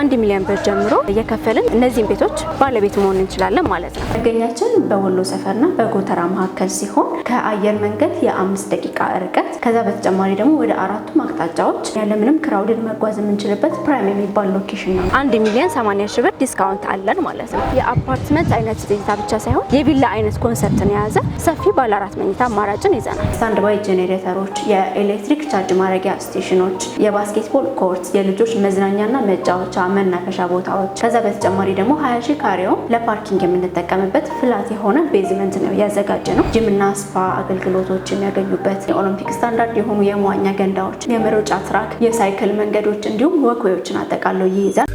ከአንድ ሚሊዮን ብር ጀምሮ እየከፈልን እነዚህን ቤቶች ባለቤት መሆን እንችላለን ማለት ነው። መገኛችን በወሎ ሰፈርና በጎተራ መካከል ሲሆን ከአየር መንገድ የአምስት ደቂቃ ርቀት፣ ከዛ በተጨማሪ ደግሞ ወደ አራቱም አቅጣጫዎች ያለምንም ክራውድን መጓዝ የምንችልበት ፕራይም የሚባል ሎኬሽን ነው። አንድ ሚሊዮን ሰማንያ ሺህ ብር ዲስካውንት አለን ማለት ነው። የአፓርትመንት አይነት ዜታ ብቻ ሳይሆን የቪላ አይነት ኮንሰርትን የያዘ ሰፊ ባለ አራት መኝታ አማራጭን ይዘናል። ስታንድባይ ጄኔሬተሮች፣ የኤሌክትሪክ ቻርጅ ማድረጊያ ስቴሽኖች፣ የባስኬትቦል ኮርት፣ የልጆች መዝናኛና መጫወቻ መናፈሻ ቦታዎች። ከዛ በተጨማሪ ደግሞ ሀያ ሺህ ካሬው ለፓርኪንግ የምንጠቀምበት ፍላት የሆነ ቤዝመንት ነው ያዘጋጀ ነው። ጅምና ስፓ አገልግሎቶች የሚያገኙበት የኦሎምፒክ ስታንዳርድ የሆኑ የመዋኛ ገንዳዎች፣ የመሮጫ ትራክ፣ የሳይክል መንገዶች እንዲሁም ወክዌዎችን አጠቃለው ይይዛል።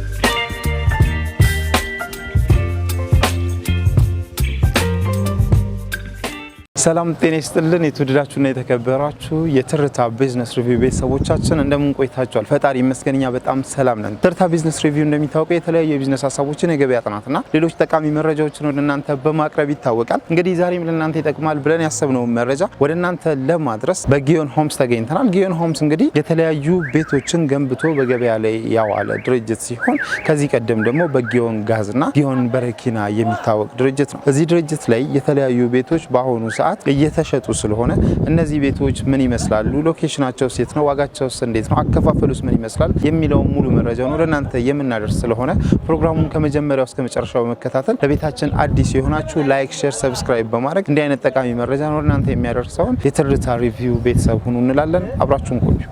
ሰላም ጤና ይስጥልን። የተወደዳችሁና የተከበራችሁ የትርታ ቢዝነስ ሪቪው ቤተሰቦቻችን እንደምን ቆይታችኋል? ፈጣሪ ይመስገን በጣም ሰላም ነን። ትርታ ቢዝነስ ሪቪው እንደሚታወቀው የተለያዩ የቢዝነስ ሀሳቦችን፣ የገበያ ጥናትና ሌሎች ጠቃሚ መረጃዎችን ወደ እናንተ በማቅረብ ይታወቃል። እንግዲህ ዛሬም ለእናንተ ይጠቅማል ብለን ያሰብነውን መረጃ ወደ እናንተ ለማድረስ በጊዮን ሆምስ ተገኝተናል። ጊዮን ሆምስ እንግዲህ የተለያዩ ቤቶችን ገንብቶ በገበያ ላይ ያዋለ ድርጅት ሲሆን ከዚህ ቀደም ደግሞ በጊዮን ጋዝና ጊዮን በረኪና የሚታወቅ ድርጅት ነው። እዚህ ድርጅት ላይ የተለያዩ ቤቶች በአሁኑ ሰ ሰዓት እየተሸጡ ስለሆነ እነዚህ ቤቶች ምን ይመስላሉ፣ ሎኬሽናቸው ሴት ነው፣ ዋጋቸውስ እንዴት ነው፣ አከፋፈሉስ ምን ይመስላል የሚለውን ሙሉ መረጃ ወደ እናንተ የምናደርስ ስለሆነ ፕሮግራሙን ከመጀመሪያው እስከ መጨረሻው በመከታተል ለቤታችን አዲስ የሆናችሁ ላይክ፣ ሼር፣ ሰብስክራይብ በማድረግ እንዲህ አይነት ጠቃሚ መረጃ ነው ለእናንተ የሚያደርሰውን የትርታ ሪቪው ቤተሰብ ሁኑ እንላለን። አብራችሁን ቆዩ።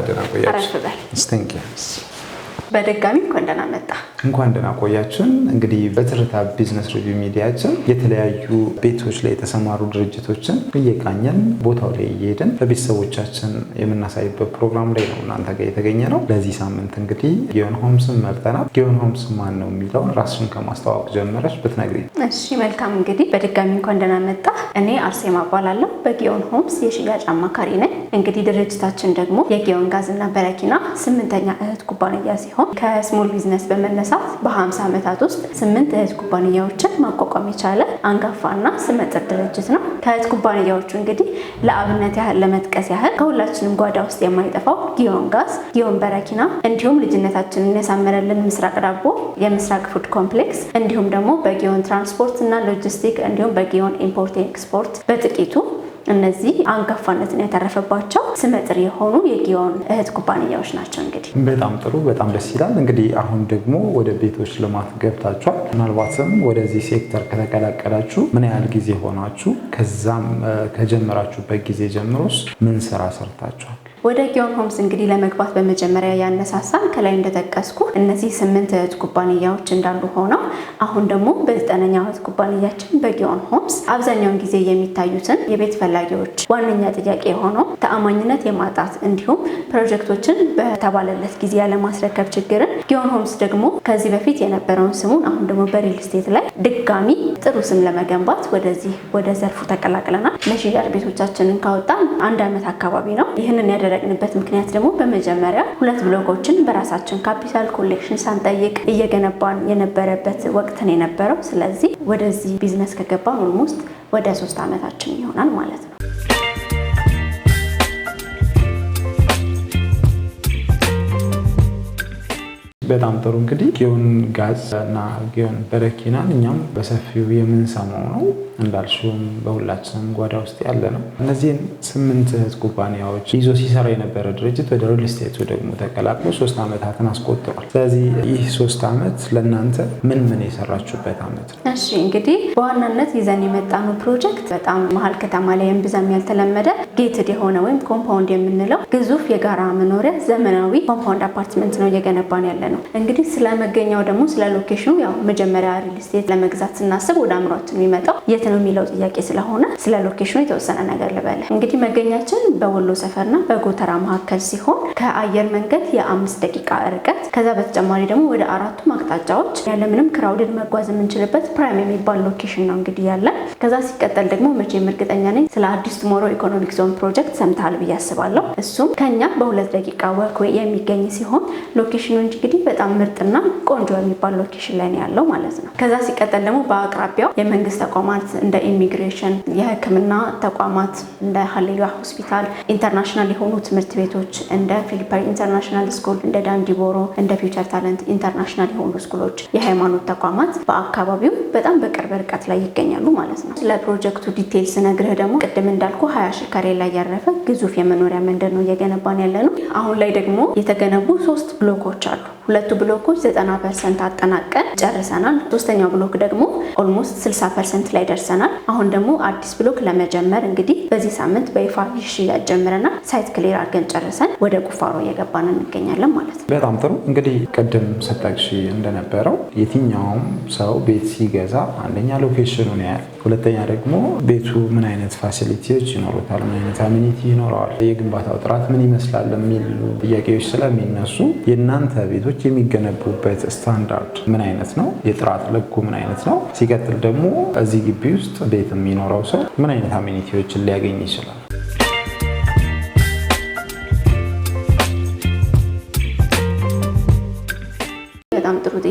እንኳን ደህና ቆያችሁ። በድጋሚ እንኳን ደህና መጣ፣ እንኳን ደህና ቆያችን። እንግዲህ በትርታ ቢዝነስ ሪቪው ሚዲያችን የተለያዩ ቤቶች ላይ የተሰማሩ ድርጅቶችን እየቃኘን ቦታው ላይ እየሄድን ለቤተሰቦቻችን የምናሳይበት ፕሮግራም ላይ ነው እናንተ ጋር የተገኘ ነው። ለዚህ ሳምንት እንግዲህ ጊዮን ሆምስን መርጠናል። ጊዮን ሆምስ ማን ነው የሚለውን ራሱን ከማስተዋወቅ ጀመረች ብትነግሪኝ። እሺ መልካም። እንግዲህ በድጋሚ እንኳን ደህና መጣ። እኔ አርሴማ እባላለሁ በጊዮን ሆምስ የሽያጭ አማካሪ ነኝ። እንግዲህ ድርጅታችን ደግሞ የጊዮን ጋዝና በረኪና ስምንተኛ እህት ኩባንያ ሲሆን ሲሆን ከስሞል ቢዝነስ በመነሳት በ50 ዓመታት ውስጥ ስምንት እህት ኩባንያዎችን ማቋቋም የቻለ አንጋፋና ስመጥር ድርጅት ነው። ከእህት ኩባንያዎቹ እንግዲህ ለአብነት ያህል ለመጥቀስ ያህል ከሁላችንም ጓዳ ውስጥ የማይጠፋው ጊዮን ጋዝ፣ ጊዮን በረኪና እንዲሁም ልጅነታችንን ያሳመረልን ምስራቅ ዳቦ፣ የምስራቅ ፉድ ኮምፕሌክስ እንዲሁም ደግሞ በጊዮን ትራንስፖርት እና ሎጂስቲክ እንዲሁም በጊዮን ኢምፖርት ኤክስፖርት በጥቂቱ እነዚህ አንጋፋነትን ያተረፈባቸው ስመጥር የሆኑ የጊዮን እህት ኩባንያዎች ናቸው። እንግዲህ በጣም ጥሩ፣ በጣም ደስ ይላል። እንግዲህ አሁን ደግሞ ወደ ቤቶች ልማት ገብታችኋል። ምናልባትም ወደዚህ ሴክተር ከተቀላቀላችሁ ምን ያህል ጊዜ ሆናችሁ? ከዛም ከጀመራችሁበት ጊዜ ጀምሮስ ምን ስራ ሰርታችኋል? ወደ ጊዮን ሆምስ እንግዲህ ለመግባት በመጀመሪያ ያነሳሳን ከላይ እንደጠቀስኩ እነዚህ ስምንት እህት ኩባንያዎች እንዳሉ ሆነው አሁን ደግሞ በዘጠነኛ እህት ኩባንያችን በጊዮን ሆምስ አብዛኛውን ጊዜ የሚታዩትን የቤት ፈላጊዎች ዋነኛ ጥያቄ የሆነው ተአማኝነት የማጣት እንዲሁም ፕሮጀክቶችን በተባለለት ጊዜ ያለማስረከብ ችግርን ጊዮን ሆምስ ደግሞ ከዚህ በፊት የነበረውን ስሙን አሁን ደግሞ በሪል ስቴት ላይ ድጋሚ ጥሩ ስም ለመገንባት ወደዚህ ወደ ዘርፉ ተቀላቅለናል። ለሽያጭ ቤቶቻችንን ካወጣን አንድ ዓመት አካባቢ ነው። ይህንን ያደ ያደረግንበት ምክንያት ደግሞ በመጀመሪያ ሁለት ብሎኮችን በራሳችን ካፒታል ኮሌክሽን ሳንጠይቅ እየገነባን የነበረበት ወቅት ነው የነበረው። ስለዚህ ወደዚህ ቢዝነስ ከገባን ኦልሞስት ወደ ሶስት ዓመታችን ይሆናል ማለት ነው። በጣም ጥሩ እንግዲህ ጊዮን ጋዝ እና ጊዮን በረኪናን እኛም በሰፊው የምንሰማው ነው። እንዳልሽውም በሁላችንም ጓዳ ውስጥ ያለ ነው። እነዚህን ስምንት እህት ኩባንያዎች ይዞ ሲሰራ የነበረ ድርጅት ወደ ሪል ስቴቱ ደግሞ ተቀላቅሎ ሶስት ዓመታትን አስቆጥሯል። ስለዚህ ይህ ሶስት ዓመት ለእናንተ ምን ምን የሰራችሁበት ዓመት ነው? እሺ እንግዲህ በዋናነት ይዘን የመጣነው ፕሮጀክት በጣም መሀል ከተማ ላይ እምብዛም ያልተለመደ ጌትድ የሆነ ወይም ኮምፓውንድ የምንለው ግዙፍ የጋራ መኖሪያ ዘመናዊ ኮምፓውንድ አፓርትመንት ነው እየገነባን ያለ ነው። እንግዲህ ስለመገኛው ደግሞ ስለ ሎኬሽኑ ያው መጀመሪያ ሪል ስቴት ለመግዛት ስናስብ ወደ አእምሯችን የሚመጣው የት ነው የሚለው ጥያቄ ስለሆነ ስለ ሎኬሽኑ የተወሰነ ነገር ልበልህ። እንግዲህ መገኛችን በወሎ ሰፈርና በጎተራ መካከል ሲሆን ከአየር መንገድ የአምስት ደቂቃ ርቀት፣ ከዛ በተጨማሪ ደግሞ ወደ አራቱም አቅጣጫዎች ያለምንም ክራውድን መጓዝ የምንችልበት ፕራይም የሚባል ሎኬሽን ነው እንግዲህ ያለ። ከዛ ሲቀጠል ደግሞ መቼም እርግጠኛ ነኝ ስለ አዲስ ቱሞሮ ኢኮኖሚክ ዞን ፕሮጀክት ሰምተሃል ብዬ አስባለሁ። እሱም ከኛ በሁለት ደቂቃ ወክዌ የሚገኝ ሲሆን ሎኬሽኑ እንግዲህ በጣም ምርጥና ቆንጆ የሚባል ሎኬሽን ላይ ነው ያለው ማለት ነው። ከዛ ሲቀጠል ደግሞ በአቅራቢያው የመንግስት ተቋማት እንደ ኢሚግሬሽን፣ የህክምና ተቋማት እንደ ሀሌሉያ ሆስፒታል፣ ኢንተርናሽናል የሆኑ ትምህርት ቤቶች እንደ ፊሊፐር ኢንተርናሽናል ስኩል፣ እንደ ዳንዲቦሮ፣ እንደ ፊውቸር ታለንት ኢንተርናሽናል የሆኑ ስኩሎች፣ የሃይማኖት ተቋማት በአካባቢው በጣም በቅርብ ርቀት ላይ ይገኛሉ ማለት ነው። ስለ ፕሮጀክቱ ዲቴይል ስነግርህ ደግሞ ቅድም እንዳልኩ ሀያ ሺ ካሬ ላይ ያረፈ ግዙፍ የመኖሪያ መንደር ነው እየገነባን ያለ ነው። አሁን ላይ ደግሞ የተገነቡ ሶስት ብሎኮች አሉ። ሁለቱ ብሎኮች 90 ፐርሰንት አጠናቀን ጨርሰናል። ሶስተኛው ብሎክ ደግሞ ኦልሞስት 60 ፐርሰንት ላይ ደርሰናል። አሁን ደግሞ አዲስ ብሎክ ለመጀመር እንግዲህ በዚህ ሳምንት በይፋ ሽያጭ ጀምረናል። ሳይት ክሊር አድርገን ጨርሰን ወደ ቁፋሮ እየገባን እንገኛለን ማለት ነው። በጣም ጥሩ እንግዲህ ቅድም ስጠቅሽ እንደነበረው የትኛውም ሰው ቤት ሲገዛ አንደኛ ሎኬሽኑን ያያል፣ ሁለተኛ ደግሞ ቤቱ ምን አይነት ፋሲሊቲዎች ይኖሩታል፣ ምን አይነት አሚኒቲ ይኖረዋል፣ የግንባታው ጥራት ምን ይመስላል የሚሉ ጥያቄዎች ስለሚነሱ የእናንተ ቤቶች ብራንዶች የሚገነቡበት ስታንዳርድ ምን አይነት ነው? የጥራት ልኩ ምን አይነት ነው? ሲቀጥል ደግሞ እዚህ ግቢ ውስጥ ቤት የሚኖረው ሰው ምን አይነት አሜኒቲዎችን ሊያገኝ ይችላል?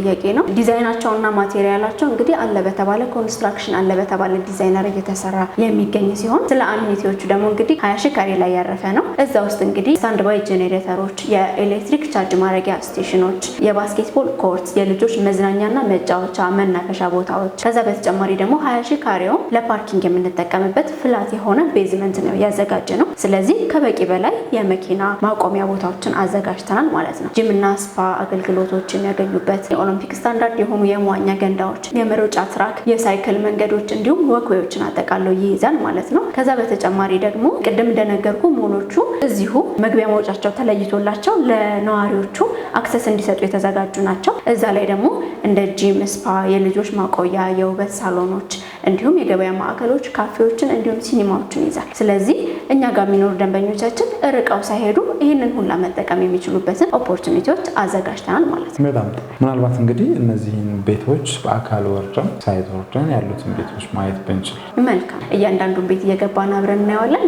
ጥያቄ ነው። ዲዛይናቸውና ማቴሪያላቸው እንግዲህ አለ በተባለ ኮንስትራክሽን አለ በተባለ ዲዛይነር እየተሰራ የሚገኝ ሲሆን ስለ አሚኒቲዎቹ ደግሞ እንግዲህ ሀያ ሺ ካሬ ላይ ያረፈ ነው። እዛ ውስጥ እንግዲህ ስታንድ ባይ ጄኔሬተሮች፣ የኤሌክትሪክ ቻርጅ ማድረጊያ ስቴሽኖች፣ የባስኬትቦል ኮርት፣ የልጆች መዝናኛና መጫወቻ መናፈሻ ቦታዎች ከዛ በተጨማሪ ደግሞ ሀያ ሺ ካሬው ለፓርኪንግ የምንጠቀምበት ፍላት የሆነ ቤዝመንት ነው ያዘጋጀ ነው። ስለዚህ ከበቂ በላይ የመኪና ማቆሚያ ቦታዎችን አዘጋጅተናል ማለት ነው። ጅምና ስፓ አገልግሎቶች የሚያገኙበት የኦሎምፒክ ስታንዳርድ የሆኑ የመዋኛ ገንዳዎች፣ የመሮጫ ትራክ፣ የሳይክል መንገዶች እንዲሁም ወክዌዎችን አጠቃለው ይይዛል ማለት ነው። ከዛ በተጨማሪ ደግሞ ቅድም እንደነገርኩ ሞሎቹ እዚሁ መግቢያ መውጫቸው ተለይቶላቸው ለነዋሪዎቹ አክሰስ እንዲሰጡ የተዘጋጁ ናቸው። እዛ ላይ ደግሞ እንደ ጂም፣ ስፓ፣ የልጆች ማቆያ፣ የውበት ሳሎኖች እንዲሁም የገበያ ማዕከሎች፣ ካፌዎችን እንዲሁም ሲኒማዎችን ይዛል። ስለዚህ እኛ ጋር የሚኖሩ ደንበኞቻችን ርቀው ሳይሄዱ ይህንን ሁላ መጠቀም የሚችሉበትን ኦፖርቹኒቲዎች አዘጋጅተናል ማለት ነው። በጣም ምናልባት እንግዲህ እነዚህን ቤቶች በአካል ወርደን ሳይት ወርደን ያሉትን ቤቶች ማየት ብንችል መልካም። እያንዳንዱን ቤት እየገባን አብረን እናየዋለን።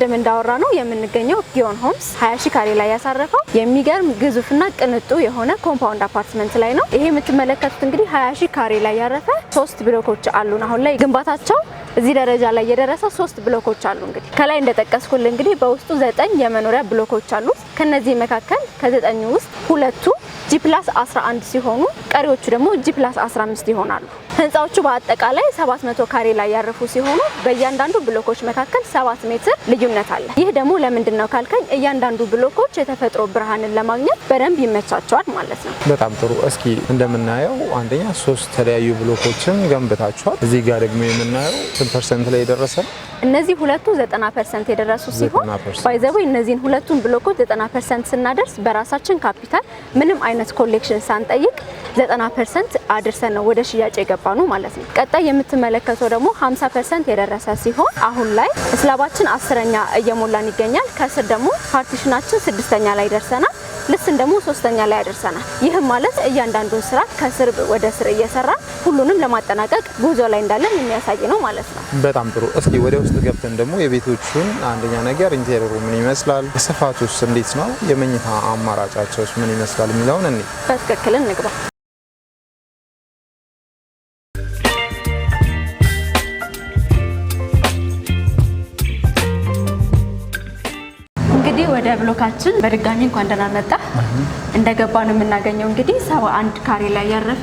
ቅድም እንዳወራ ነው የምንገኘው ጊዮን ሆምስ 20 ሺህ ካሬ ላይ ያሳረፈው የሚገርም ግዙፍና ቅንጡ የሆነ ኮምፓውንድ አፓርትመንት ላይ ነው። ይሄ የምትመለከቱት እንግዲህ 20 ሺህ ካሬ ላይ ያረፈ ሶስት ብሎኮች አሉን አሁን ላይ ግንባታቸው እዚህ ደረጃ ላይ የደረሰ ሶስት ብሎኮች አሉ። እንግዲህ ከላይ እንደጠቀስኩል እንግዲህ በውስጡ ዘጠኝ የመኖሪያ ብሎኮች አሉ። ከነዚህ መካከል ከዘጠኙ ውስጥ ሁለቱ ጂ ፕላስ 11 ሲሆኑ ቀሪዎቹ ደግሞ ጂ ፕላስ 15 ይሆናሉ። ህንፃዎቹ በአጠቃላይ 700 ካሬ ላይ ያረፉ ሲሆኑ በእያንዳንዱ ብሎኮች መካከል 7 ሜትር ልዩነት አለ። ይህ ደግሞ ለምንድን ነው ካልከኝ እያንዳንዱ ብሎኮች የተፈጥሮ ብርሃንን ለማግኘት በደንብ ይመቻቸዋል ማለት ነው። በጣም ጥሩ። እስኪ እንደምናየው አንደኛ ሶስት ተለያዩ ብሎኮችን ገንብታችኋል። እዚህ ጋር ደግሞ የምናየው ስንት ፐርሰንት ላይ የደረሰ? እነዚህ ሁለቱ 90 ፐርሰንት የደረሱ ሲሆን ባይዘዌ እነዚህን ሁለቱን ብሎኮች 90 ፐርሰንት ስናደርስ በራሳችን ካፒታል ምንም አይነት ኮሌክሽን ሳንጠይቅ 90 ፐርሰንት አድርሰን ነው ወደ ሽያጭ የገባ ነው ማለት ነው። ቀጣይ የምትመለከተው ደግሞ 50 ፐርሰንት የደረሰ ሲሆን አሁን ላይ ስላባችን አስረኛ እየሞላን ይገኛል። ከስር ደግሞ ፓርቲሽናችን ስድስተኛ ላይ ደርሰናል። ልስን ደግሞ ሶስተኛ ላይ ያደርሰናል። ይህም ማለት እያንዳንዱን ስራ ከስር ወደ ስር እየሰራ ሁሉንም ለማጠናቀቅ ጉዞ ላይ እንዳለን የሚያሳይ ነው ማለት ነው። በጣም ጥሩ። እስኪ ወደ ውስጥ ገብተን ደግሞ የቤቶቹን አንደኛ ነገር ኢንቴሪሩ ምን ይመስላል፣ ስፋቱስ እንዴት ነው፣ የመኝታ አማራጫቸውስ ምን ይመስላል የሚለውን እኔ በትክክል እንግባ። ወደ ብሎካችን በድጋሚ እንኳን ደህና መጣ። እንደገባ ነው የምናገኘው እንግዲህ ሰባ አንድ ካሬ ላይ ያረፈ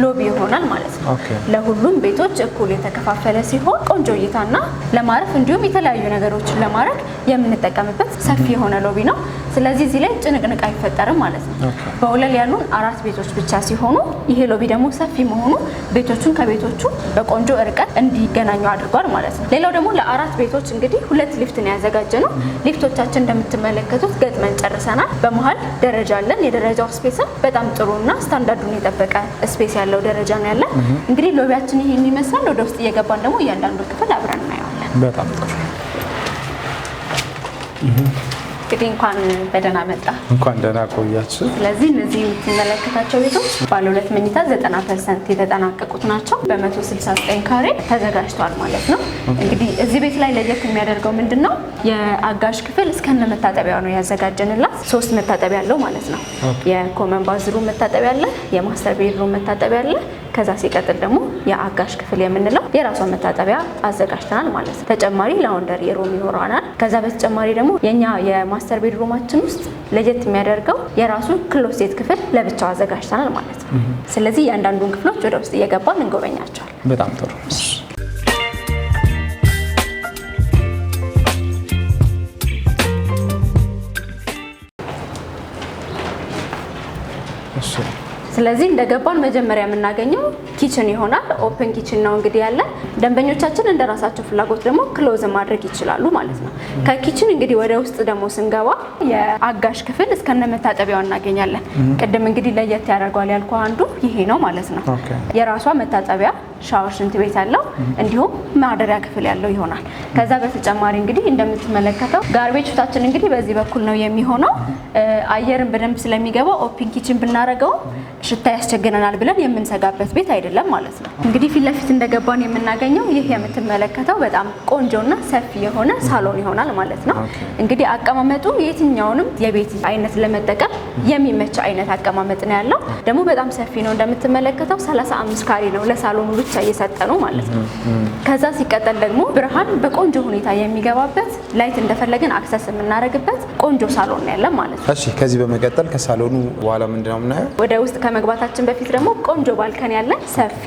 ሎቢ ይሆናል ማለት ነው። ለሁሉም ቤቶች እኩል የተከፋፈለ ሲሆን ቆንጆ እይታና ለማረፍ እንዲሁም የተለያዩ ነገሮችን ለማድረግ የምንጠቀምበት ሰፊ የሆነ ሎቢ ነው። ስለዚህ እዚህ ላይ ጭንቅንቅ አይፈጠርም ማለት ነው። በወለል ያሉን አራት ቤቶች ብቻ ሲሆኑ ይሄ ሎቢ ደግሞ ሰፊ መሆኑ ቤቶቹን ከቤቶቹ በቆንጆ እርቀት እንዲገናኙ አድርጓል ማለት ነው። ሌላው ደግሞ ለአራት ቤቶች እንግዲህ ሁለት ሊፍትን ያዘጋጀ ነው። ሊፍቶቻችን እንደምትመለከቱት ገጥመን ጨርሰናል። በመሀል ደረጃ አለን። የደረጃው ስፔስም በጣም ጥሩና ስታንዳርዱን የጠበቀ ስፔስ ያለው ደረጃ ነው ያለን። እንግዲህ ሎቢያችን ይሄን ይመስላል። ወደ ውስጥ እየገባን ደግሞ እያንዳንዱ ክፍል አብረን እናየዋለን። በጣም ጥሩ እንግዲህ እንኳን በደህና መጣ። እንኳን ደህና ቆያችሁ። ስለዚህ እነዚህ የምትመለከታቸው ቤቶች ባለ ሁለት መኝታ 90 ፐርሰንት የተጠናቀቁት ናቸው ስልሳ ዘጠኝ ካሬ ተዘጋጅተዋል ማለት ነው። እንግዲህ እዚህ ቤት ላይ ለየት የሚያደርገው ምንድን ነው? የአጋዥ ክፍል እስከነ መታጠቢያው ነው ያዘጋጀንላት። ሶስት መታጠቢያ አለው ማለት ነው። የኮመን መታጠቢያ አለ፣ የማስተር ቤድሩ መታጠቢያ አለ ከዛ ሲቀጥል ደግሞ የአጋሽ ክፍል የምንለው የራሷን መታጠቢያ አዘጋጅተናል ማለት ነው። ተጨማሪ ላውንደሪ ሩም ይኖረናል። ከዛ በተጨማሪ ደግሞ የኛ የማስተር ቤድ ውስጥ ለየት የሚያደርገው የራሱን ክሎሴት ክፍል ለብቻው አዘጋጅተናል ማለት ነው። ስለዚህ እያንዳንዱን ክፍሎች ወደ ውስጥ እየገባን እንጎበኛቸዋል። በጣም ጥሩ። ስለዚህ እንደገባን መጀመሪያ የምናገኘው ኪችን ይሆናል። ኦፕን ኪችን ነው እንግዲህ ያለ ደንበኞቻችን እንደ ራሳቸው ፍላጎት ደግሞ ክሎዝ ማድረግ ይችላሉ ማለት ነው። ከኪችን እንግዲህ ወደ ውስጥ ደግሞ ስንገባ የአጋሽ ክፍል እስከነ መታጠቢያው እናገኛለን። ቅድም እንግዲህ ለየት ያደርገዋል ያልኩ አንዱ ይሄ ነው ማለት ነው። የራሷ መታጠቢያ ሻወር፣ ሽንት ቤት ያለው እንዲሁም ማደሪያ ክፍል ያለው ይሆናል። ከዛ በተጨማሪ እንግዲህ እንደምትመለከተው ጋርቤጅ ፍታችን እንግዲህ በዚህ በኩል ነው የሚሆነው። አየርን በደንብ ስለሚገባው ኦፕን ኪችን ብናደርገው ሽታ ያስቸግረናል ብለን የምንሰጋበት ቤት አይደለም ማለት ነው። እንግዲህ ፊት ለፊት እንደገባን የምናገኘው ይህ የምትመለከተው በጣም ቆንጆና ሰፊ የሆነ ሳሎን ይሆናል ማለት ነው። እንግዲህ አቀማመጡ የትኛውንም የቤት አይነት ለመጠቀም የሚመች አይነት አቀማመጥ ነው ያለው። ደግሞ በጣም ሰፊ ነው እንደምትመለከተው 35 ካሬ ነው ለሳሎኑ ብቻ ብቻ እየሰጠ ነው ማለት ነው። ከዛ ሲቀጠል ደግሞ ብርሃን በቆንጆ ሁኔታ የሚገባበት ላይት እንደፈለግን አክሰስ የምናደርግበት ቆንጆ ሳሎን ያለን ማለት ነው። እሺ፣ ከዚህ በመቀጠል ከሳሎኑ በኋላ ነው የምናየው? ወደ ውስጥ ከመግባታችን በፊት ደግሞ ቆንጆ ባልከን ያለን ሰፊ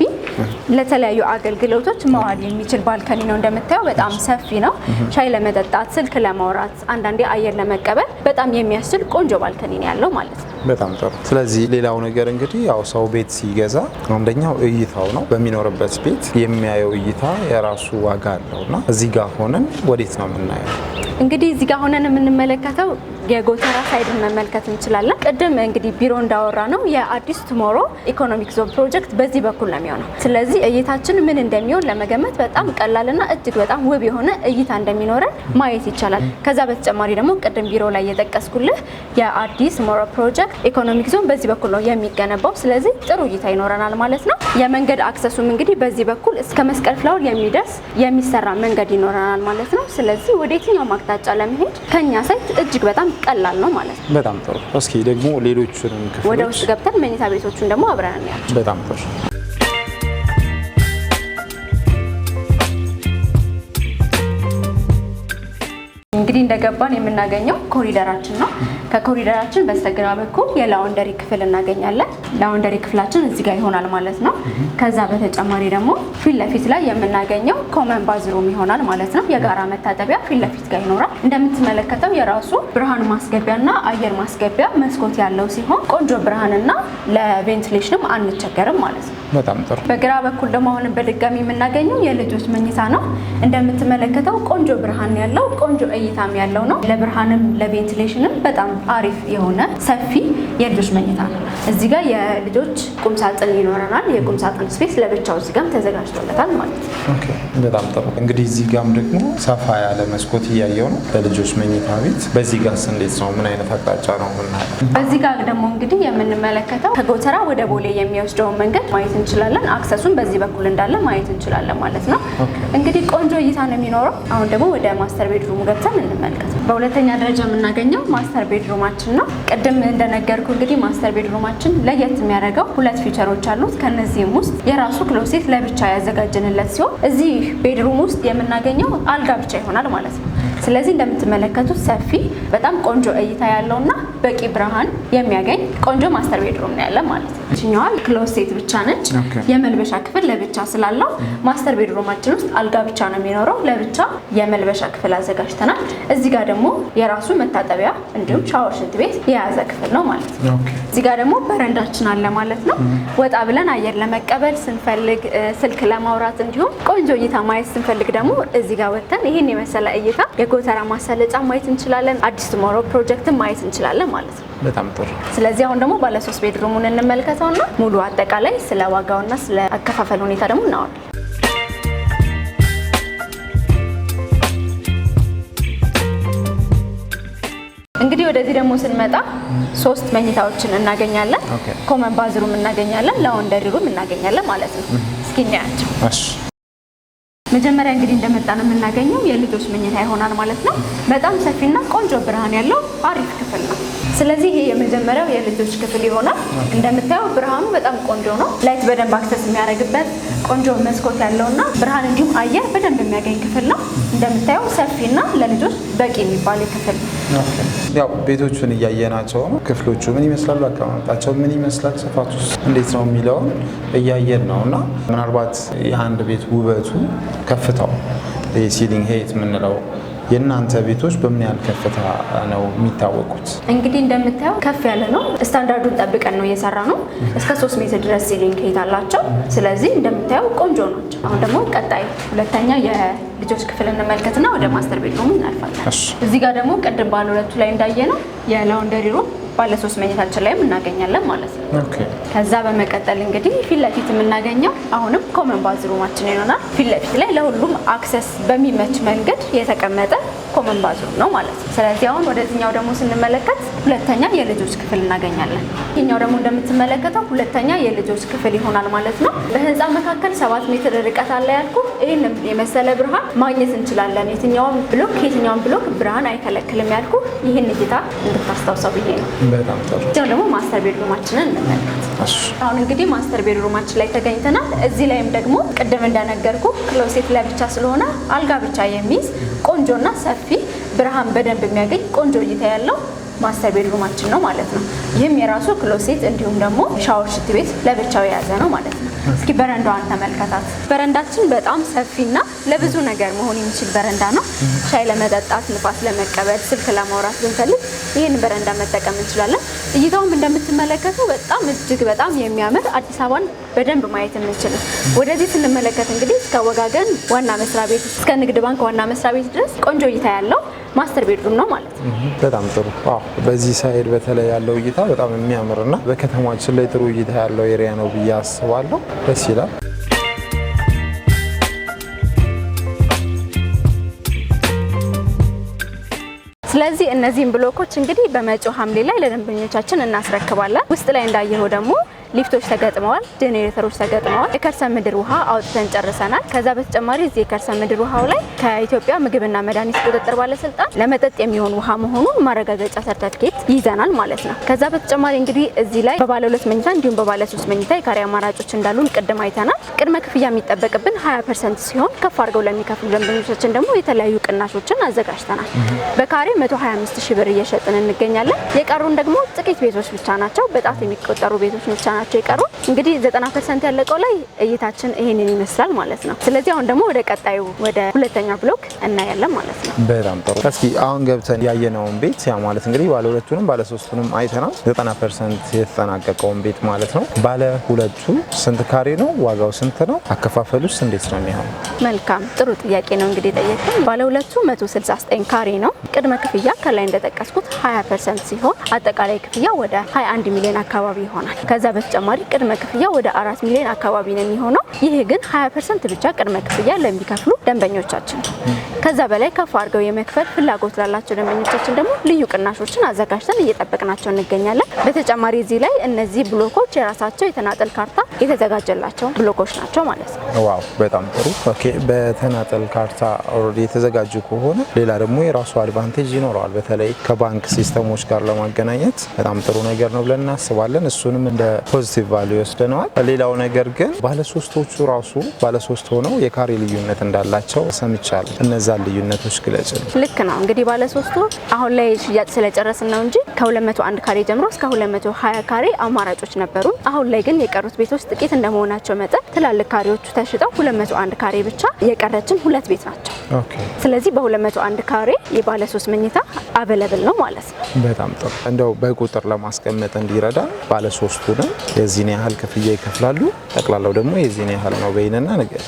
ለተለያዩ አገልግሎቶች መዋል የሚችል ባልከኒ ነው። እንደምታየው በጣም ሰፊ ነው። ሻይ ለመጠጣት፣ ስልክ ለማውራት፣ አንዳንዴ አየር ለመቀበል በጣም የሚያስችል ቆንጆ ባልከኒ ነው ያለው ማለት ነው። በጣም ጥሩ። ስለዚህ ሌላው ነገር እንግዲህ ያው ሰው ቤት ሲገዛ አንደኛው እይታው ነው። በሚኖርበት ቤት የሚያየው እይታ የራሱ ዋጋ አለው እና እዚህ ጋር ሆነን ወዴት ነው የምናየው? እንግዲህ እዚህ ጋር ሆነን የምንመለከተው የጎተራ ሳይድን መመልከት እንችላለን። ቅድም እንግዲህ ቢሮ እንዳወራ ነው የአዲስ ቱሞሮ ኢኮኖሚክ ዞን ፕሮጀክት በዚህ በኩል ነው የሚሆነው። ስለዚህ እይታችን ምን እንደሚሆን ለመገመት በጣም ቀላልና እጅግ በጣም ውብ የሆነ እይታ እንደሚኖረን ማየት ይቻላል። ከዛ በተጨማሪ ደግሞ ቅድም ቢሮ ላይ የጠቀስኩልህ የአዲስ ሞሮ ፕሮጀክት ኢኮኖሚክ ዞን በዚህ በኩል ነው የሚገነባው። ስለዚህ ጥሩ እይታ ይኖረናል ማለት ነው። የመንገድ አክሰሱም እንግዲህ በዚህ በኩል እስከ መስቀል ፍላወር የሚደርስ የሚሰራ መንገድ ይኖረናል ማለት ነው። ስለዚህ ወደ የትኛው አቅጣጫ ለመሄድ ከኛ ሳይት እጅግ በጣም ቀላል ነው ማለት ነው። በጣም ጥሩ። እስኪ ደግሞ ሌሎቹን ክፍሎች ወደ ውስጥ ገብተን መኝታ ቤቶቹን ደግሞ አብረን እናያቸው። በጣም ጥሩ። እንግዲህ እንደገባን የምናገኘው ኮሪደራችን ነው። ከኮሪደራችን በስተግራ በኩል የላውንደሪ ክፍል እናገኛለን። ላውንደሪ ክፍላችን እዚህ ጋር ይሆናል ማለት ነው። ከዛ በተጨማሪ ደግሞ ፊት ለፊት ላይ የምናገኘው ኮመን ባዝሩም ይሆናል ማለት ነው። የጋራ መታጠቢያ ፊት ለፊት ጋር ይኖራል። እንደምትመለከተው የራሱ ብርሃን ማስገቢያና አየር ማስገቢያ መስኮት ያለው ሲሆን ቆንጆ ብርሃንና ለቬንቲሌሽንም አንቸገርም ማለት ነው። በጣም ጥሩ። በግራ በኩል ደግሞ አሁን በድጋሚ የምናገኘው የልጆች መኝታ ነው። እንደምትመለከተው ቆንጆ ብርሃን ያለው ቆንጆ እይታም ያለው ነው። ለብርሃንም ለቬንቲሌሽንም በጣም አሪፍ የሆነ ሰፊ የልጆች መኝታ ነው። እዚህ ጋር የልጆች ቁምሳጥን ይኖረናል። የቁምሳጥን ስፔስ ለብቻው እዚህ ጋም ተዘጋጅቶለታል ማለት ነው። በጣም ጥሩ። እንግዲህ እዚህ ጋም ደግሞ ሰፋ ያለ መስኮት እያየው ነው በልጆች መኝታ ቤት። በዚህ ጋርስ እንዴት ነው? ምን አይነት አቅጣጫ ነው ምናል? በዚህ ጋር ደግሞ እንግዲህ የምንመለከተው ከጎተራ ወደ ቦሌ የሚወስደውን መንገድ ማየት እንችላለን። አክሰሱን በዚህ በኩል እንዳለ ማየት እንችላለን ማለት ነው። እንግዲህ ቆንጆ እይታ ነው የሚኖረው። አሁን ደግሞ ወደ ማስተር ቤድሩሙ ገብተን እንመልከት። በሁለተኛ ደረጃ የምናገኘው ማስተር ቤድሩም ቤድሩማችን ነው። ቅድም እንደነገርኩ እንግዲህ ማስተር ቤድሩማችን ለየት የሚያደርገው ሁለት ፊቸሮች አሉት። ከነዚህም ውስጥ የራሱ ክሎሴት ለብቻ ያዘጋጀንለት ሲሆን እዚህ ቤድሩም ውስጥ የምናገኘው አልጋ ብቻ ይሆናል ማለት ነው። ስለዚህ እንደምትመለከቱት ሰፊ በጣም ቆንጆ እይታ ያለው ና በቂ ብርሃን የሚያገኝ ቆንጆ ማስተር ቤድሩም ነው ያለ ማለት ነው። ይችኛዋ ክሎሴት ብቻ ነች። የመልበሻ ክፍል ለብቻ ስላለው ማስተር ቤድሩማችን ውስጥ አልጋ ብቻ ነው የሚኖረው። ለብቻ የመልበሻ ክፍል አዘጋጅተናል። እዚህ ጋር ደግሞ የራሱ መታጠቢያ እንዲሁም ሻወር፣ ሽንት ቤት የያዘ ክፍል ነው ማለት ነው። እዚህ ጋር ደግሞ በረንዳችን አለ ማለት ነው። ወጣ ብለን አየር ለመቀበል ስንፈልግ፣ ስልክ ለማውራት እንዲሁም ቆንጆ እይታ ማየት ስንፈልግ ደግሞ እዚህ ጋር ወጥተን ይህን የመሰለ እይታ ጎተራ ማሳለጫ ማየት እንችላለን። አዲስ ቱሞሮ ፕሮጀክትን ማየት እንችላለን ማለት ነው። በጣም ጥሩ። ስለዚህ አሁን ደግሞ ባለሶስት ቤድሩሙን እንመልከተው እንመልከተውና ሙሉ አጠቃላይ ስለ ዋጋውና ስለ አከፋፈል ሁኔታ ደግሞ እናወራለን። እንግዲህ ወደዚህ ደግሞ ስንመጣ ሶስት መኝታዎችን እናገኛለን። ኮመን ባዝሩም እናገኛለን፣ ላውንደሪ ሩም እናገኛለን ማለት ነው። እስኪ መጀመሪያ እንግዲህ እንደመጣ ነው የምናገኘው የልጆች መኝታ ይሆናል ማለት ነው። በጣም ሰፊና ቆንጆ ብርሃን ያለው አሪፍ ክፍል ነው። ስለዚህ ይሄ የመጀመሪያው የልጆች ክፍል ይሆናል። እንደምታየው ብርሃኑ በጣም ቆንጆ ነው። ላይት በደንብ አክሰስ የሚያደርግበት ቆንጆ መስኮት ያለውና ብርሃን እንዲሁም አየር በደንብ የሚያገኝ ክፍል ነው። እንደምታየው ሰፊና ለልጆች በቂ የሚባል ክፍል ያው ቤቶቹን እያየናቸው ነው። ክፍሎቹ ምን ይመስላሉ፣ አቀማመጣቸው ምን ይመስላል፣ ስፋት ውስጥ እንዴት ነው የሚለውን እያየን ነው እና ምናልባት የአንድ ቤት ውበቱ ከፍታው ሲሊንግ ሄት የምንለው የእናንተ ቤቶች በምን ያህል ከፍታ ነው የሚታወቁት? እንግዲህ እንደምታየው ከፍ ያለ ነው። ስታንዳርዱን ጠብቀን ነው እየሰራ ነው። እስከ ሶስት ሜትር ድረስ ሲሊንግ ሄት አላቸው። ስለዚህ እንደምታየው ቆንጆ ናቸው። አሁን ደግሞ ቀጣይ ሁለተኛ የልጆች ክፍል እንመልከትና ወደ ማስተር ቤድሩም እናልፋለን። እዚህ ጋር ደግሞ ቅድም ባለ ሁለቱ ላይ እንዳየ ነው የላውንደሪ ሩም ባለ ሶስት መኝታችን ላይም እናገኛለን ማለት ነው። ከዛ በመቀጠል እንግዲህ ፊት ለፊት የምናገኘው አሁንም ኮመን ባዝሩማችን ሩማችን ይሆናል። ፊት ለፊት ላይ ለሁሉም አክሰስ በሚመች መንገድ የተቀመጠ ኮመን ባዝሩም ነው ማለት ነው። ስለዚህ አሁን ወደዚህኛው ደግሞ ስንመለከት ሁለተኛ የልጆች ክፍል እናገኛለን። ይህኛው ደግሞ እንደምትመለከተው ሁለተኛ የልጆች ክፍል ይሆናል ማለት ነው። በህንፃ መካከል ሰባት ሜትር ርቀት አለ ያልኩ ይህን የመሰለ ብርሃን ማግኘት እንችላለን። የትኛውም ብሎክ የትኛውም ብሎክ ብርሃን አይከለክልም ያልኩ ይህን እይታ እንድታስታውሰው ብዬ ነው። በጣም ደግሞ ማስተር ቤድሩማችንን እንመለከት። አሁን እንግዲህ ማስተር ቤድሩማችን ላይ ተገኝተናል። እዚህ ላይም ደግሞ ቅድም እንደነገርኩ ክሎሴት ለብቻ ስለሆነ አልጋ ብቻ የሚይዝ ቆንጆና ሰፊ ሰፊ ብርሃን በደንብ የሚያገኝ ቆንጆ እይታ ያለው ማስተር ቤድሩማችን ነው ማለት ነው። ይህም የራሱ ክሎሴት እንዲሁም ደግሞ ሻወር ሽት ቤት ለብቻው የያዘ ነው ማለት ነው። እስኪ በረንዳዋን ተመልከታት። በረንዳችን በጣም ሰፊና ለብዙ ነገር መሆን የሚችል በረንዳ ነው። ሻይ ለመጠጣት፣ ንፋስ ለመቀበል፣ ስልክ ለማውራት ብንፈልግ ይህን በረንዳ መጠቀም እንችላለን። እይታውም እንደምትመለከቱ በጣም እጅግ በጣም የሚያምር አዲስ አበባን በደንብ ማየት የምንችል ወደዚህ ስንመለከት እንግዲህ እስከ ወጋገን ዋና መስሪያ ቤት እስከ ንግድ ባንክ ዋና መስሪያ ቤት ድረስ ቆንጆ እይታ ያለው ማስተር ቤድሩም ነው ማለት ነው። በጣም ጥሩ። በዚህ ሳይድ በተለይ ያለው እይታ በጣም የሚያምርና በከተማችን ላይ ጥሩ እይታ ያለው ኤሪያ ነው ብዬ አስባለሁ። ደስ ይላል። ስለዚህ እነዚህን ብሎኮች እንግዲህ በመጪው ሐምሌ ላይ ለደንበኞቻችን እናስረክባለን። ውስጥ ላይ እንዳየኸው ደግሞ ሊፍቶች ተገጥመዋል፣ ጄኔሬተሮች ተገጥመዋል። የከርሰ ምድር ውሃ አውጥተን ጨርሰናል። ከዛ በተጨማሪ እዚህ የከርሰ ምድር ውሃው ላይ ከኢትዮጵያ ምግብና መድኃኒት ቁጥጥር ባለስልጣን ለመጠጥ የሚሆን ውሃ መሆኑን ማረጋገጫ ሰርተፍኬት ይዘናል ማለት ነው። ከዛ በተጨማሪ እንግዲህ እዚህ ላይ በባለ ሁለት መኝታ እንዲሁም በባለ ሶስት መኝታ የካሬ አማራጮች እንዳሉን ቅድም አይተናል። ቅድመ ክፍያ የሚጠበቅብን 20 ፐርሰንት ሲሆን ከፍ አድርገው ለሚከፍሉ ደንበኞቻችን ደግሞ የተለያዩ ቅናሾችን አዘጋጅተናል። በካሬ 125 ሺ ብር እየሸጥን እንገኛለን። የቀሩን ደግሞ ጥቂት ቤቶች ብቻ ናቸው። በጣት የሚቆጠሩ ቤቶች ብቻ ናቸው። ናቸው የቀሩ። እንግዲህ 90 ፐርሰንት ያለቀው ላይ እይታችን ይሄንን ይመስላል ማለት ነው። ስለዚህ አሁን ደግሞ ወደ ቀጣዩ ወደ ሁለተኛ ብሎክ እናያለን ማለት ነው። በጣም ጥሩ። እስኪ አሁን ገብተን ያየነውን ቤት ያ ማለት እንግዲህ ባለ ሁለቱንም ባለ ሶስቱንም አይተናል። 90 ፐርሰንት የተጠናቀቀውን ቤት ማለት ነው። ባለ ሁለቱ ስንት ካሬ ነው? ዋጋው ስንት ነው? አከፋፈሉስ እንዴት ነው የሚሆነው? መልካም ጥሩ ጥያቄ ነው እንግዲህ የጠየቅን። ባለ ሁለቱ 169 ካሬ ነው። ቅድመ ክፍያ ከላይ እንደጠቀስኩት 20 ፐርሰንት ሲሆን አጠቃላይ ክፍያ ወደ 21 ሚሊዮን አካባቢ ይሆናል። ከዛ በፊት በተጨማሪ ቅድመ ክፍያ ወደ አራት ሚሊዮን አካባቢ ነው የሚሆነው። ይህ ግን 20 ፐርሰንት ብቻ ቅድመ ክፍያ ለሚከፍሉ ደንበኞቻችን ነው። ከዛ በላይ ከፍ አድርገው የመክፈል ፍላጎት ላላቸው ደንበኞቻችን ደግሞ ልዩ ቅናሾችን አዘጋጅተን እየጠበቅናቸው እንገኛለን። በተጨማሪ እዚህ ላይ እነዚህ ብሎኮች የራሳቸው የተናጠል ካርታ የተዘጋጀላቸው ብሎኮች ናቸው ማለት ነው። ዋው በጣም ጥሩ። ኦኬ በተናጠል ካርታ ኦልሬዲ የተዘጋጁ ከሆነ ሌላ ደግሞ የራሱ አድቫንቴጅ ይኖረዋል። በተለይ ከባንክ ሲስተሞች ጋር ለማገናኘት በጣም ጥሩ ነገር ነው ብለን እናስባለን። እሱንም እንደ ፖዚቲቭ ቫሉ ይወስደነዋል። ሌላው ነገር ግን ባለሶስቶቹ ራሱ ባለሶስት ሆነው የካሬ ልዩነት እንዳላቸው ሰምቻለሁ። እነዛ እነዛን ልዩነቶች ግለጽ ነው። ልክ ነው እንግዲህ ባለሶስቱ አሁን ላይ ሽያጭ ስለጨረስን ነው እንጂ ከ201 ካሬ ጀምሮ እስከ 220 ካሬ አማራጮች ነበሩ። አሁን ላይ ግን የቀሩት ቤቶች ጥቂት እንደመሆናቸው መጠን ትላልቅ ካሬዎቹ ተሽጠው 201 ካሬ ብቻ የቀረችን ሁለት ቤት ናቸው። ስለዚህ በ201 ካሬ የባለሶስት መኝታ አቬለብል ነው ማለት ነው። በጣም ጥሩ እንደው በቁጥር ለማስቀመጥ እንዲረዳ ባለሶስቱንም የዚህን ያህል ክፍያ ይከፍላሉ፣ ጠቅላላው ደግሞ የዚህን ያህል ነው በይነና ንገር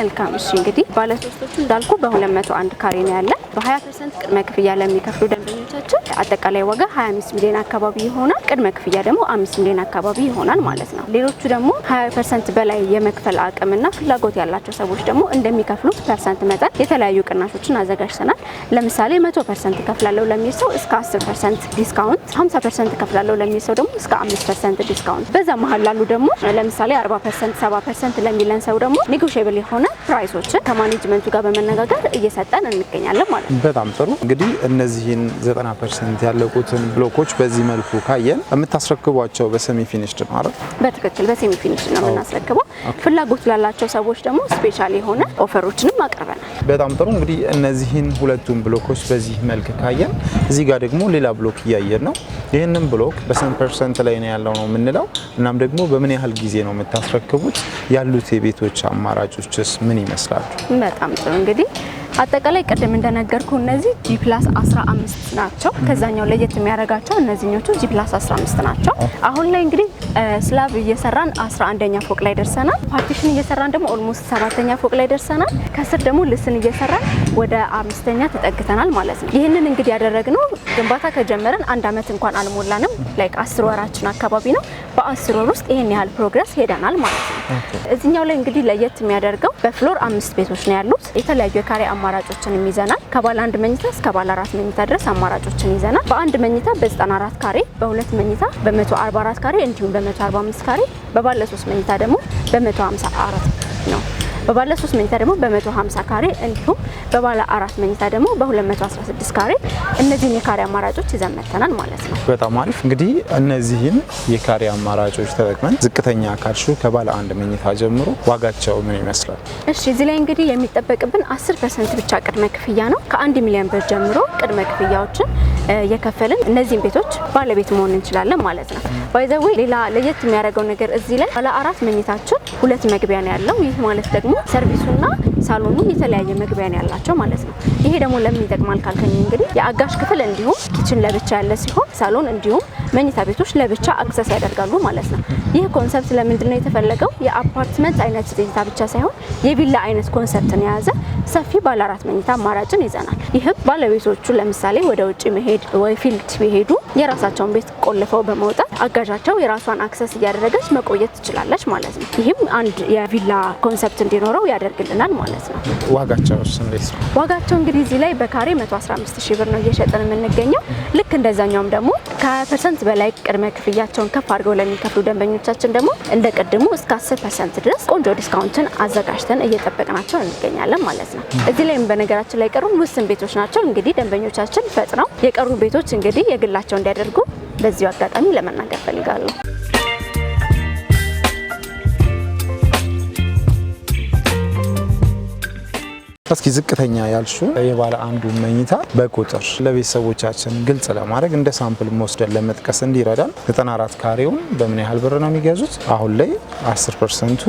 መልካም። እሺ እንግዲህ ባለሶስቶቹ እንዳልኩ በ201 ካሬ ነው ያለ። በ20 ፐርሰንት ቅድመ ክፍያ ለሚከፍሉ ደንበኞቻችን አጠቃላይ ዋጋ 25 ሚሊዮን አካባቢ ይሆናል። ቅድመ ክፍያ ደግሞ 5 ሚሊዮን አካባቢ ይሆናል ማለት ነው። ሌሎቹ ደግሞ 20 ፐርሰንት በላይ የመክፈል አቅምና ፍላጎት ያላቸው ሰዎች ደግሞ እንደሚከፍሉት ፐርሰንት መጠን የተለያዩ ቅናሾችን አዘጋጅተናል። ለምሳሌ 100 ፐርሰንት ከፍላለሁ ለሚል ሰው እስከ 10 ፐርሰንት ዲስካውንት፣ 50 ፐርሰንት ከፍላለሁ ለሚል ሰው ደግሞ እስከ 5 ፐርሰንት ዲስካውንት፣ በዛ መሀል ላሉ ደግሞ ለምሳሌ 40 ፐርሰንት፣ 70 ፐርሰንት ለሚለን ሰው ደግሞ ኔጎሽብል የሆነ ፕራይሶችን ከማኔጅመንቱ ጋር በመነጋገር እየሰጠን እንገኛለን ማለት ነው። በጣም ጥሩ። እንግዲህ እነዚህን 90 ፐርሰንት ያለቁትን ብሎኮች በዚህ መልኩ ካየን የምታስረክቧቸው በሴሚ ፊኒሽድ ነው አይደል? በትክክል በሴሚ ፊኒሽድ ነው የምናስረክበው። ፍላጎት ላላቸው ሰዎች ደግሞ ስፔሻል የሆነ ኦፈሮችንም አቅርበናል። በጣም ጥሩ። እንግዲህ እነዚህን ሁለቱን ብሎኮች በዚህ መልክ ካየን እዚህ ጋር ደግሞ ሌላ ብሎክ እያየን ነው። ይህንን ብሎክ በስንት ፐርሰንት ላይ ነው ያለው ነው የምንለው። እናም ደግሞ በምን ያህል ጊዜ ነው የምታስረክቡት? ያሉት የቤቶች አማራጮችስ ምን ይመስላሉ? በጣም ጥሩ እንግዲህ አጠቃላይ ቅድም እንደነገርኩ እነዚህ ጂ ፕላስ 15 ናቸው። ከዛኛው ለየት የሚያደርጋቸው እነዚህኞቹ ጂ ፕላስ 15 ናቸው። አሁን ላይ እንግዲህ ስላብ እየሰራን 11ኛ ፎቅ ላይ ደርሰናል። ፓርቲሽን እየሰራን ደግሞ ኦልሞስት ሰባተኛ ፎቅ ላይ ደርሰናል። ከስር ደግሞ ልስን እየሰራን ወደ አምስተኛ ተጠግተናል ማለት ነው። ይህንን እንግዲህ ያደረግነው ግንባታ ከጀመረን አንድ አመት እንኳን አልሞላንም። ላይክ አስር ወራችን አካባቢ ነው። በአስር ወር ውስጥ ይሄን ያህል ፕሮግረስ ሄደናል ማለት ነው። እዚህኛው ላይ እንግዲህ ለየት የሚያደርገው በፍሎር አምስት ቤቶች ነው ያሉት። የተለያዩ የካሬ አማራጮችንም ይዘናል። ከባለ አንድ መኝታ እስከ ባለ አራት መኝታ ድረስ አማራጮችን ይዘናል። በአንድ መኝታ በ94 ካሬ፣ በሁለት መኝታ በ144 ካሬ እንዲሁም በ145 ካሬ፣ በባለ ሶስት መኝታ ደግሞ በ154 ነው በባለ 3 መኝታ ደግሞ በ150 ካሬ እንዲሁም በባለ አራት መኝታ ደግሞ በ216 ካሬ እነዚህን የካሬ አማራጮች ይዘን መጥተናል ማለት ነው። በጣም አሪፍ። እንግዲህ እነዚህን የካሬ አማራጮች ተጠቅመን ዝቅተኛ ካልሹ ከባለ አንድ መኝታ ጀምሮ ዋጋቸው ምን ይመስላል? እሺ እዚህ ላይ እንግዲህ የሚጠበቅብን 10 ፐርሰንት ብቻ ቅድመ ክፍያ ነው። ከአንድ ሚሊዮን ብር ጀምሮ ቅድመ ክፍያዎችን የከፈልን እነዚህን ቤቶች ባለቤት መሆን እንችላለን ማለት ነው። ዌይ ሌላ ለየት የሚያደርገው ነገር እዚህ ላይ ባለ አራት መኝታችን ሁለት መግቢያ ነው ያለው። ይህ ማለት ደግሞ ሰርቪሱና ሳሎኑ የተለያየ መግቢያን ያላቸው ማለት ነው። ይሄ ደግሞ ለምን ይጠቅማል ካልከኝ እንግዲህ የአጋሽ ክፍል እንዲሁም ኪችን ለብቻ ያለ ሲሆን ሳሎን እንዲሁም መኝታ ቤቶች ለብቻ አክሰስ ያደርጋሉ ማለት ነው። ይህ ኮንሰፕት ለምንድን ነው የተፈለገው? የአፓርትመንት አይነት ዜታ ብቻ ሳይሆን የቪላ አይነት ኮንሰፕትን የያዘ ሰፊ ባለ አራት መኝታ አማራጭን ይዘናል። ይህም ባለቤቶቹ ለምሳሌ ወደ ውጭ መሄድ ወይ ፊልድ ቢሄዱ የራሳቸውን ቤት ቆልፈው በመውጣት አጋዣቸው የራሷን አክሰስ እያደረገች መቆየት ትችላለች ማለት ነው። ይህም አንድ የቪላ ኮንሰፕት እንዲኖረው ያደርግልናል ማለት ነው። ዋጋቸው እንግዲህ እዚህ ላይ በካሬ 115 ሺህ ብር ነው እየሸጥን የምንገኘው። ልክ እንደዛኛውም ደግሞ ከፐርሰንት በላይ ቅድመ ክፍያቸውን ከፍ አድርገው ለሚከፍሉ ደንበኞቻችን ደግሞ እንደ ቅድሙ እስከ 10 ፐርሰንት ድረስ ቆንጆ ዲስካውንትን አዘጋጅተን እየጠበቅናቸው እንገኛለን ማለት ነው። እዚህ ላይም በነገራችን ላይ ቀሩን ውስን ቤቶች ናቸው። እንግዲህ ደንበኞቻችን ፈጥነው የቀሩ ቤቶች እንግዲህ የግላቸው እንዲያደርጉ በዚሁ አጋጣሚ ለመናገር ፈልጋለሁ። እስኪ ዝቅተኛ ያልሹ የባለ አንዱ መኝታ በቁጥር ለቤተሰቦቻችን ግልጽ ለማድረግ እንደ ሳምፕል መወስደን ለመጥቀስ እንዲረዳን 94 ካሬውን በምን ያህል ብር ነው የሚገዙት? አሁን ላይ 10 ፐርሰንቱ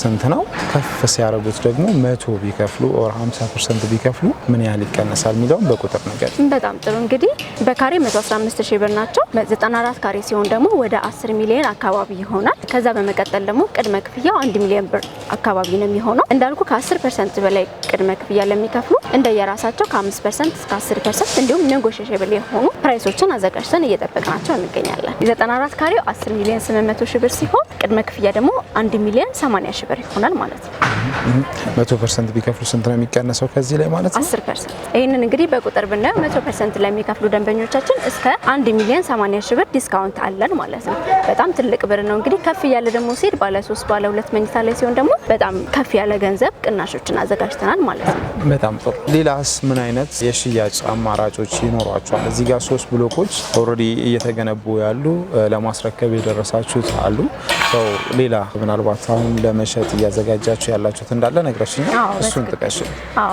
ስንት ነው? ከፍ ሲያደርጉት ደግሞ መቶ ቢከፍሉ ኦር 50 ፐርሰንት ቢከፍሉ ምን ያህል ይቀነሳል የሚለውን በቁጥር ነገር። በጣም ጥሩ እንግዲህ በካሬ 115 ሺህ ብር ናቸው። በ94 ካሬ ሲሆን ደግሞ ወደ 10 ሚሊዮን አካባቢ ይሆናል። ከዛ በመቀጠል ደግሞ ቅድመ ክፍያው 1 ሚሊዮን ብር አካባቢ ነው የሚሆነው። እንዳልኩ ከ10 ፐርሰንት በላይ ቅድመ ክፍያ ለሚከፍሉ እንደየራሳቸው ከ5 ፐርሰንት እስከ 10 ፐርሰንት እንዲሁም ኔጎሽሽብል የሆኑ ፕራይሶችን አዘጋጅተን እየጠበቅናቸው እንገኛለን። የ94 ካሬው 10 ሚሊዮን 800 ሺህ ብር ሲሆን ቅድመ ክፍያ ደግሞ 1 ሚሊዮን 80 ሺህ ብር ይሆናል ማለት ነው። መቶ ፐርሰንት ቢከፍሉ ስንት ነው የሚቀነሰው ከዚህ ላይ ማለት ነው? አስር ፐርሰንት። ይህንን እንግዲህ በቁጥር ብናየው መቶ ፐርሰንት ለሚከፍሉ ደንበኞቻችን እስከ አንድ ሚሊዮን ሰማንያ ሺህ ብር ዲስካውንት አለን ማለት ነው። በጣም ትልቅ ብር ነው። እንግዲህ ከፍ እያለ ደግሞ ሲሄድ ባለ ሶስት ባለ ሁለት መኝታ ላይ ሲሆን ደግሞ በጣም ከፍ ያለ ገንዘብ ቅናሾችን አዘጋጅተናል ማለት ነው። በጣም ጥሩ። ሌላስ ምን አይነት የሽያጭ አማራጮች ይኖሯቸዋል? እዚህ ጋር ሶስት ብሎኮች ኦልሬዲ እየተገነቡ ያሉ ለማስረከብ የደረሳችሁት አሉ። ሌላ ምናልባት አሁን ለመሸጥ እያዘጋጃችሁ ያላችሁ ያሰራችሁት እንዳለ ነግረሽኛል። እሱን ጥቀሽ።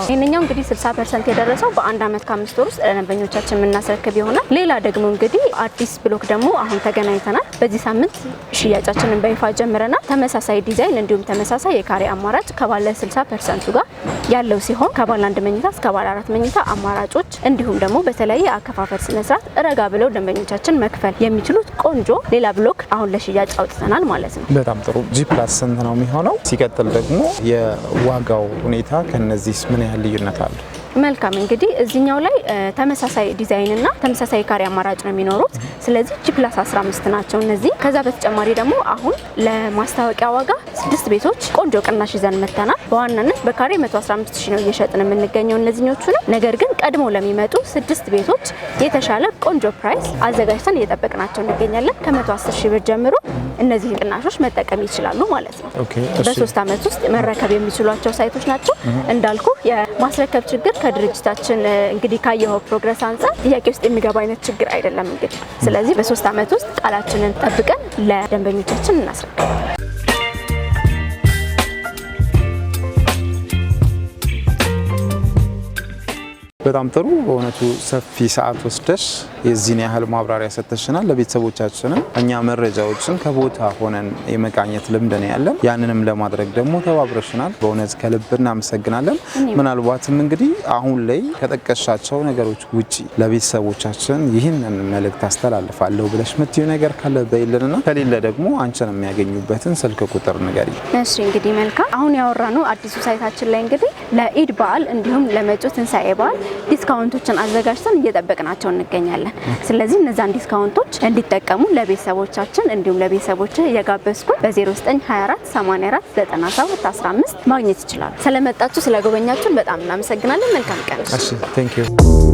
ይህንኛው እንግዲህ 60 ፐርሰንት የደረሰው በአንድ አመት ከአምስት ወር ውስጥ ለደንበኞቻችን የምናስረክብ ይሆናል። ሌላ ደግሞ እንግዲህ አዲስ ብሎክ ደግሞ አሁን ተገናኝተናል። በዚህ ሳምንት ሽያጫችንን በይፋ ጀምረናል። ተመሳሳይ ዲዛይን እንዲሁም ተመሳሳይ የካሬ አማራጭ ከባለ 60 ፐርሰንቱ ጋር ያለው ሲሆን ከባለ አንድ መኝታ እስከ ባለ አራት መኝታ አማራጮች እንዲሁም ደግሞ በተለያየ አከፋፈል ስነስርዓት ረጋ ብለው ደንበኞቻችን መክፈል የሚችሉት ቆንጆ ሌላ ብሎክ አሁን ለሽያጭ አውጥተናል ማለት ነው። በጣም ጥሩ ጂ ፕላስ ስንት ነው የሚሆነው? ሲቀጥል ደግሞ የዋጋው ሁኔታ ከነዚህ ምን ያህል ልዩነት አለ? መልካም እንግዲህ እዚህኛው ላይ ተመሳሳይ ዲዛይን እና ተመሳሳይ ካሬ አማራጭ ነው የሚኖሩት። ስለዚህ ጂ ፕላስ 15 ናቸው እነዚህ። ከዛ በተጨማሪ ደግሞ አሁን ለማስታወቂያ ዋጋ ስድስት ቤቶች ቆንጆ ቅናሽ ይዘን መተናል። በዋናነት በካሬ 115 ሺ ነው እየሸጥን የምንገኘው ነው። ነገር ግን ቀድሞ ለሚመጡ ስድስት ቤቶች የተሻለ ቆንጆ ፕራይስ አዘጋጅተን እየጠበቅናቸው እንገኛለን። ከ110 ሺ ብር ጀምሮ እነዚህ ቅናሾች መጠቀም ይችላሉ ማለት ነው። በሶስት አመት ውስጥ መረከብ የሚችሏቸው ሳይቶች ናቸው። እንዳልኩ የማስረከብ ችግር ከድርጅታችን እንግዲህ ካየኸው ፕሮግረስ አንጻር ጥያቄ ውስጥ የሚገባ አይነት ችግር አይደለም እንግዲህ ስለዚህ በሶስት አመት ውስጥ ቃላችንን ጠብቀን ለደንበኞቻችን እናስረክብ። በጣም ጥሩ በእውነቱ ሰፊ ሰዓት ወስደሽ የዚህን ያህል ማብራሪያ ሰጥተሽናል። ለቤተሰቦቻችንም እኛ መረጃዎችን ከቦታ ሆነን የመቃኘት ልምድ ነው ያለን። ያንንም ለማድረግ ደግሞ ተባብረሽናል። በእውነት ከልብ እናመሰግናለን። ምናልባትም እንግዲህ አሁን ላይ ከጠቀሻቸው ነገሮች ውጪ ለቤተሰቦቻችን ይህንን መልእክት አስተላልፋለሁ ብለሽ ምትዩ ነገር ካለ በይልንና ከሌለ ደግሞ አንቺን የሚያገኙበትን ስልክ ቁጥር ንገሪ። እሺ እንግዲህ መልካም። አሁን ያወራነው አዲሱ ሳይታችን ላይ እንግዲህ ለኢድ በዓል እንዲሁም ለመጪው ትንሳኤ በዓል ዲስካውንቶችን አዘጋጅተን እየጠበቅናቸው እንገኛለን። ስለዚህ እነዛን ዲስካውንቶች እንዲጠቀሙ ለቤተሰቦቻችን እንዲሁም ለቤተሰቦች እየጋበዝኩ በ0924 84 97 15 ማግኘት ይችላሉ። ስለመጣችሁ ስለጎበኛችሁን በጣም እናመሰግናለን። መልካም ቀን።